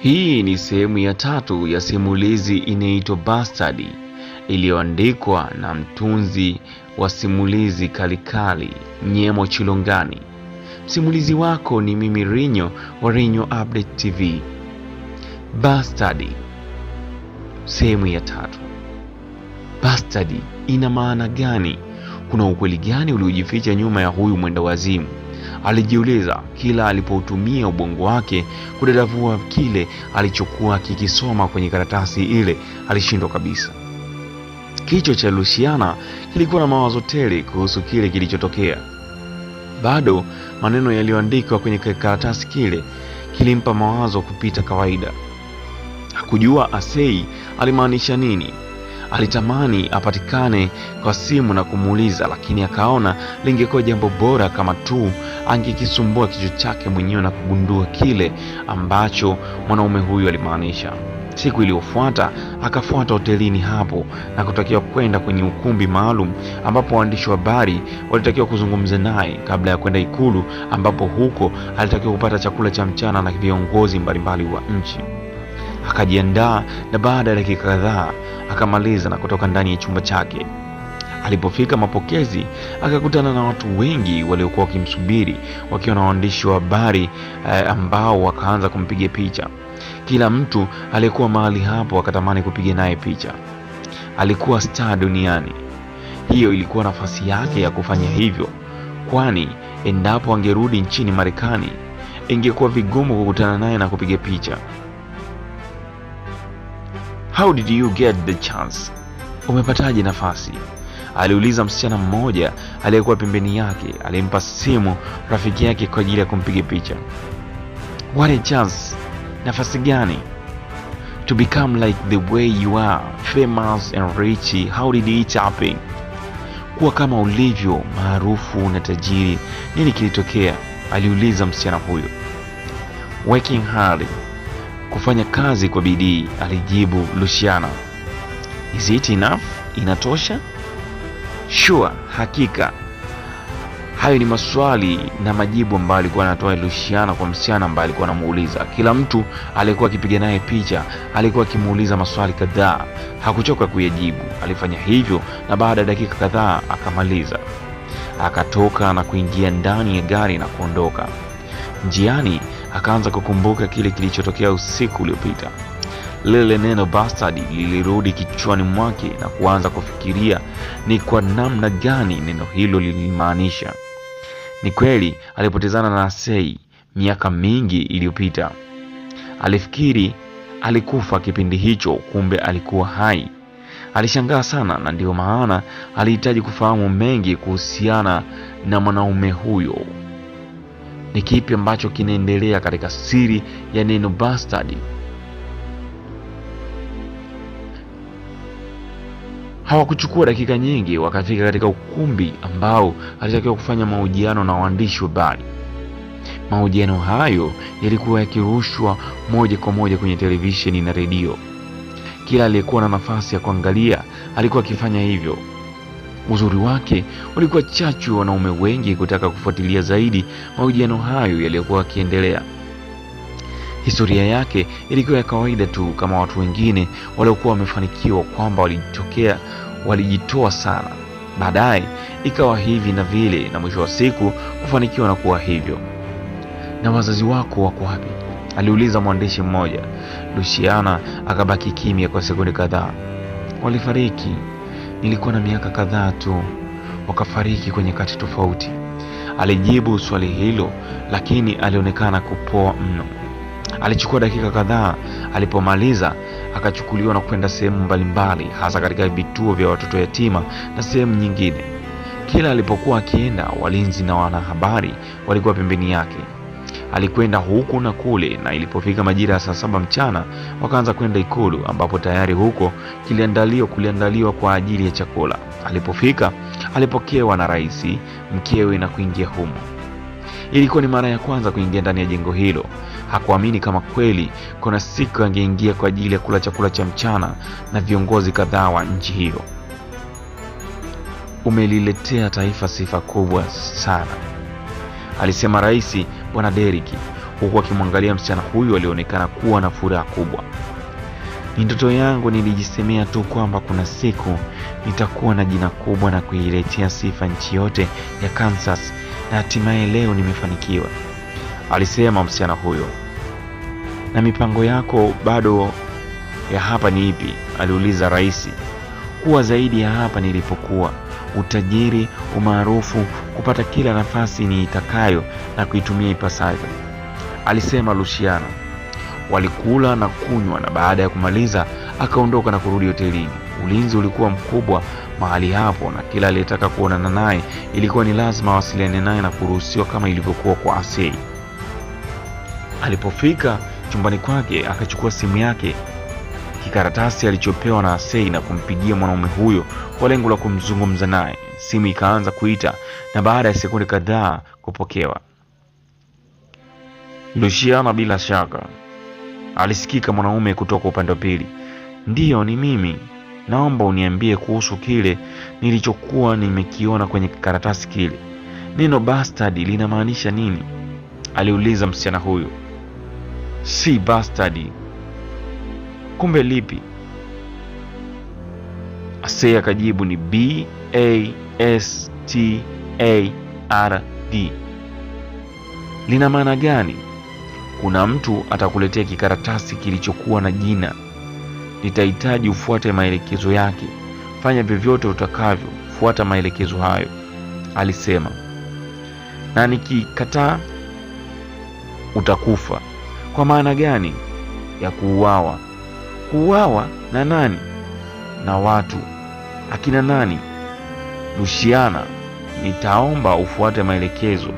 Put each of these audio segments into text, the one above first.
Hii ni sehemu ya tatu ya simulizi inaitwa Bastard iliyoandikwa na mtunzi wa simulizi Kalikali Nyemo Chilongani. Msimulizi wako ni mimi Rinyo wa Rinyo Update TV. Bastard sehemu ya tatu. Bastard ina maana gani? Kuna ukweli gani uliojificha nyuma ya huyu mwenda wazimu? Alijiuliza kila alipoutumia ubongo wake kudadavua kile alichokuwa kikisoma kwenye karatasi ile, alishindwa kabisa. Kichwa cha Luciana kilikuwa na mawazo tele kuhusu kile kilichotokea. Bado maneno yaliyoandikwa kwenye karatasi kile kilimpa mawazo kupita kawaida. Hakujua Asei alimaanisha nini alitamani apatikane kwa simu na kumuuliza, lakini akaona lingekuwa jambo bora kama tu angekisumbua kichwa chake mwenyewe na kugundua kile ambacho mwanaume huyu alimaanisha. Siku iliyofuata akafuata hotelini hapo na kutakiwa kwenda kwenye ukumbi maalum ambapo waandishi wa habari walitakiwa kuzungumza naye kabla ya kwenda Ikulu, ambapo huko alitakiwa kupata chakula cha mchana na viongozi mbalimbali wa nchi akajiandaa, na baada ya dakika kadhaa akamaliza na kutoka ndani ya chumba chake. Alipofika mapokezi, akakutana na watu wengi waliokuwa wakimsubiri wakiwa na waandishi wa habari eh, ambao wakaanza kumpiga picha. Kila mtu aliyekuwa mahali hapo akatamani kupiga naye picha. Alikuwa staa duniani. Hiyo ilikuwa nafasi yake ya kufanya hivyo, kwani endapo angerudi nchini Marekani ingekuwa vigumu kukutana naye na kupiga picha. How did you get the chance? Umepataje nafasi? aliuliza msichana mmoja aliyekuwa pembeni yake, alimpa simu rafiki yake kwa ajili ya kumpiga picha. What a chance, nafasi gani? To become like the way you are, famous and rich. How did it happen? Kuwa kama ulivyo maarufu na tajiri, nini kilitokea? aliuliza msichana huyo. Working hard kufanya kazi kwa bidii, alijibu Luciana. Is it enough? Inatosha? Sure, hakika. Hayo ni maswali na majibu ambayo alikuwa anatoa Luciana kwa msichana ambaye alikuwa anamuuliza. Kila mtu alikuwa akipiga naye picha, alikuwa akimuuliza maswali kadhaa, hakuchoka kuyajibu. Alifanya hivyo na baada ya dakika kadhaa akamaliza, akatoka na kuingia ndani ya gari na kuondoka. Njiani akaanza kukumbuka kile kilichotokea usiku uliopita. Lile neno bastard lilirudi kichwani mwake na kuanza kufikiria ni kwa namna gani neno hilo lilimaanisha. Ni kweli alipotezana na Sei miaka mingi iliyopita. Alifikiri alikufa kipindi hicho, kumbe alikuwa hai. Alishangaa sana, na ndiyo maana alihitaji kufahamu mengi kuhusiana na mwanaume huyo. Ni kipi ambacho kinaendelea katika siri ya neno bastard? Hawakuchukua dakika nyingi, wakafika katika ukumbi ambao alitakiwa kufanya mahojiano na waandishi wa habari. Mahojiano hayo yalikuwa yakirushwa moja kwa moja kwenye televisheni na redio. Kila aliyekuwa na nafasi ya kuangalia alikuwa akifanya hivyo. Uzuri wake ulikuwa chachu wanaume wengi kutaka kufuatilia zaidi mahojiano hayo yaliyokuwa yakiendelea. Historia yake ilikuwa ya kawaida tu kama watu wengine waliokuwa wamefanikiwa, kwamba walijitokea walijitoa sana, baadaye ikawa hivi na vile, na mwisho wa siku kufanikiwa na kuwa hivyo. Na wazazi wako wako wapi? aliuliza mwandishi mmoja. Luciana akabaki kimya kwa sekunde kadhaa. Walifariki nilikuwa na miaka kadhaa tu, wakafariki kwenye kati tofauti. Alijibu swali hilo, lakini alionekana kupoa mno. Alichukua dakika kadhaa, alipomaliza akachukuliwa na kwenda sehemu mbalimbali, hasa katika vituo vya watoto yatima na sehemu nyingine. Kila alipokuwa akienda, walinzi na wanahabari walikuwa pembeni yake alikwenda huku na kule, na ilipofika majira ya saa saba mchana wakaanza kwenda Ikulu, ambapo tayari huko kiliandaliwa kuliandaliwa kwa ajili ya chakula. Alipofika alipokewa na rais, mkewe na kuingia humo. Ilikuwa ni mara ya kwanza kuingia ndani ya jengo hilo. Hakuamini kama kweli kuna siku angeingia kwa ajili ya kula chakula cha mchana na viongozi kadhaa wa nchi hiyo. Umeliletea taifa sifa kubwa sana, alisema rais bwana Deriki huku akimwangalia msichana huyu alionekana kuwa na furaha kubwa. Ni ndoto yangu, nilijisemea tu kwamba kuna siku nitakuwa na jina kubwa na kuiletea sifa nchi yote ya Kansas, na hatimaye leo nimefanikiwa, alisema msichana huyo. Na mipango yako bado ya hapa ni ipi? aliuliza rais. Kuwa zaidi ya hapa nilipokuwa, utajiri, umaarufu, kupata kila nafasi ni itakayo na kuitumia ipasavyo, alisema Luciano. Walikula na kunywa na baada ya kumaliza akaondoka na kurudi hotelini. Ulinzi ulikuwa mkubwa mahali hapo, na kila aliyetaka kuonana naye ilikuwa ni lazima awasiliane naye na kuruhusiwa kama ilivyokuwa kwa Asei. Alipofika chumbani kwake, akachukua simu yake, kikaratasi alichopewa na Asei na kumpigia mwanaume huyo kwa lengo la kumzungumza naye simu ikaanza kuita na baada ya sekunde kadhaa kupokewa. Luciana bila shaka alisikika mwanaume kutoka upande wa pili. Ndiyo, ni mimi. Naomba uniambie kuhusu kile nilichokuwa nimekiona kwenye karatasi kile. Neno bastard linamaanisha nini? aliuliza msichana huyo. Si bastard, kumbe lipi? Asea akajibu ni B A S T A R D lina maana gani? Kuna mtu atakuletea kikaratasi kilichokuwa na jina, nitahitaji ufuate maelekezo yake. Fanya vyovyote utakavyo, fuata maelekezo hayo, alisema, na nikikataa utakufa. Kwa maana gani ya kuuawa? Kuuawa na nani? Na watu akina nani? Luciana, nitaomba ufuate maelekezo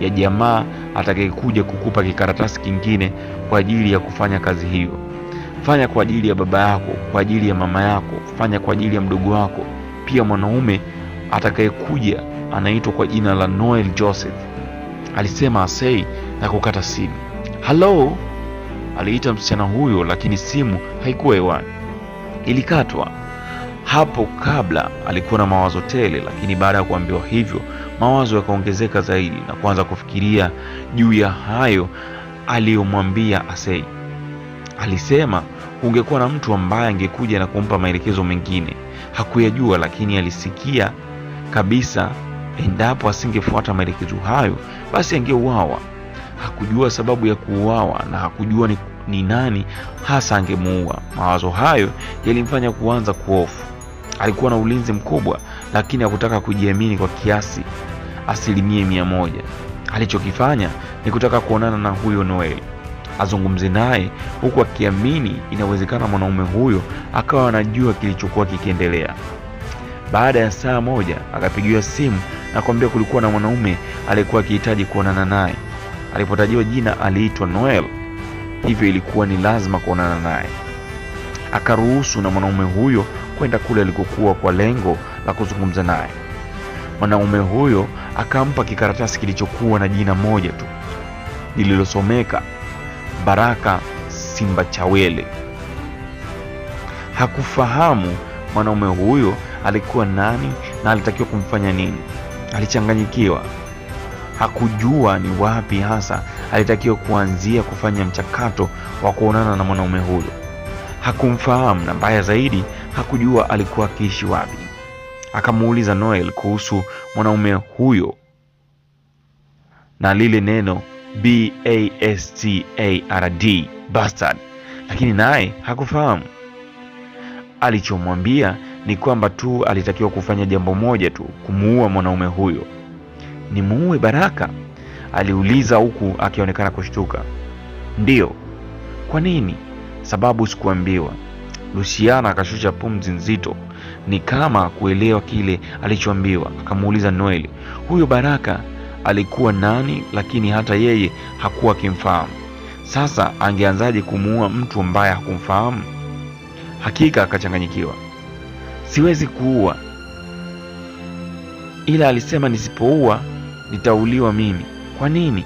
ya jamaa atakayekuja kukupa kikaratasi kingine kwa ajili ya kufanya kazi hiyo. Fanya kwa ajili ya baba yako, kwa ajili ya mama yako, fanya kwa ajili ya mdogo wako. Pia mwanaume atakayekuja anaitwa kwa jina la Noel Joseph, alisema Asei na kukata simu. Halo, aliita msichana huyo, lakini simu haikuwa hewani, ilikatwa. Hapo kabla alikuwa na mawazo tele, lakini baada ya kuambiwa hivyo mawazo yakaongezeka zaidi na kuanza kufikiria juu ya hayo aliyomwambia Asei. Alisema kungekuwa na mtu ambaye angekuja na kumpa maelekezo mengine. Hakuyajua, lakini alisikia kabisa endapo asingefuata maelekezo hayo, basi angeuawa. Hakujua sababu ya kuuawa na hakujua ni, ni nani hasa angemuua. Mawazo hayo yalimfanya kuanza kuofu alikuwa na ulinzi mkubwa, lakini hakutaka kujiamini kwa kiasi asilimia mia moja. Alichokifanya ni kutaka kuonana na huyo noel azungumze naye, huku akiamini inawezekana mwanaume huyo akawa anajua kilichokuwa kikiendelea. Baada ya saa moja akapigiwa simu na kuambia kulikuwa na mwanaume aliyekuwa akihitaji kuonana naye. Alipotajiwa jina, aliitwa Noel, hivyo ilikuwa ni lazima kuonana naye. Akaruhusu na mwanaume huyo kwenda kule alikokuwa kwa lengo la kuzungumza naye. Mwanaume huyo akampa kikaratasi kilichokuwa na jina moja tu lililosomeka Baraka simba chawele Hakufahamu mwanaume huyo alikuwa nani na alitakiwa kumfanya nini. Alichanganyikiwa, hakujua ni wapi hasa alitakiwa kuanzia kufanya mchakato wa kuonana na mwanaume huyo. Hakumfahamu, na mbaya zaidi, hakujua alikuwa akiishi wapi. Akamuuliza Noel kuhusu mwanaume huyo na lile neno bastard, bastard, lakini naye hakufahamu. Alichomwambia ni kwamba tu alitakiwa kufanya jambo moja tu, kumuua mwanaume huyo. Ni muue Baraka? aliuliza huku akionekana kushtuka. Ndiyo. Kwa nini? Sababu sikuambiwa. Luciana akashusha pumzi nzito, ni kama kuelewa kile alichoambiwa. Akamuuliza Noeli, huyo Baraka alikuwa nani? Lakini hata yeye hakuwa akimfahamu. Sasa angeanzaje kumuua mtu ambaye hakumfahamu? Hakika akachanganyikiwa. Siwezi kuua, ila alisema nisipoua nitauliwa mimi. Kwa nini?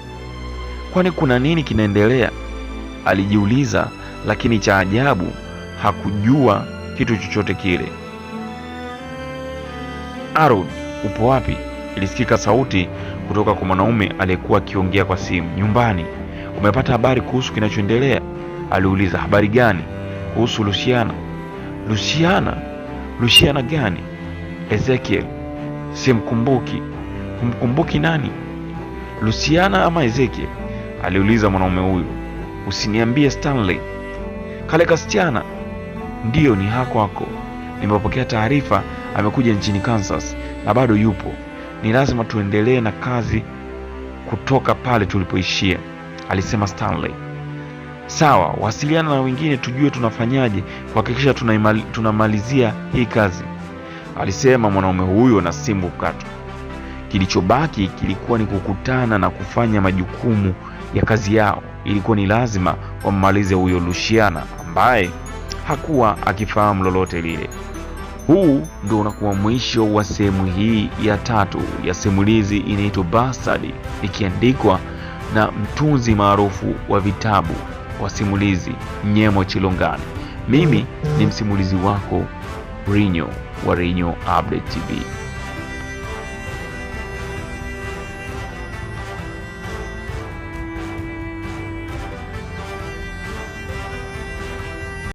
Kwani kuna nini kinaendelea? Alijiuliza, lakini cha ajabu hakujua kitu chochote kile. Aaron, upo wapi? Ilisikika sauti kutoka kwa mwanaume aliyekuwa akiongea kwa simu. Nyumbani. Umepata habari kuhusu kinachoendelea? Aliuliza. Habari gani? Kuhusu Luciana. Luciana? Luciana gani? Ezekiel. Simkumbuki. kumkumbuki nani? Luciana ama Ezekiel? Aliuliza mwanaume huyo. Usiniambie Stanley. Kale kasichana ndiyo ni hako hako, nimepokea taarifa amekuja nchini Kansas na bado yupo. Ni lazima tuendelee na kazi kutoka pale tulipoishia, alisema Stanley. Sawa, wasiliana na wengine tujue tunafanyaje kuhakikisha tunamalizia hii kazi, alisema mwanaume huyo na simu kato Kilichobaki kilikuwa ni kukutana na kufanya majukumu ya kazi yao. Ilikuwa ni lazima wammalize huyo Luciana ambaye hakuwa akifahamu lolote lile. Huu ndio unakuwa mwisho wa sehemu hii ya tatu ya simulizi inaitwa Bastard, ikiandikwa na mtunzi maarufu wa vitabu wa simulizi Nyemo Chilongani. Mimi ni msimulizi wako Rinyo wa Rinyo Update TV.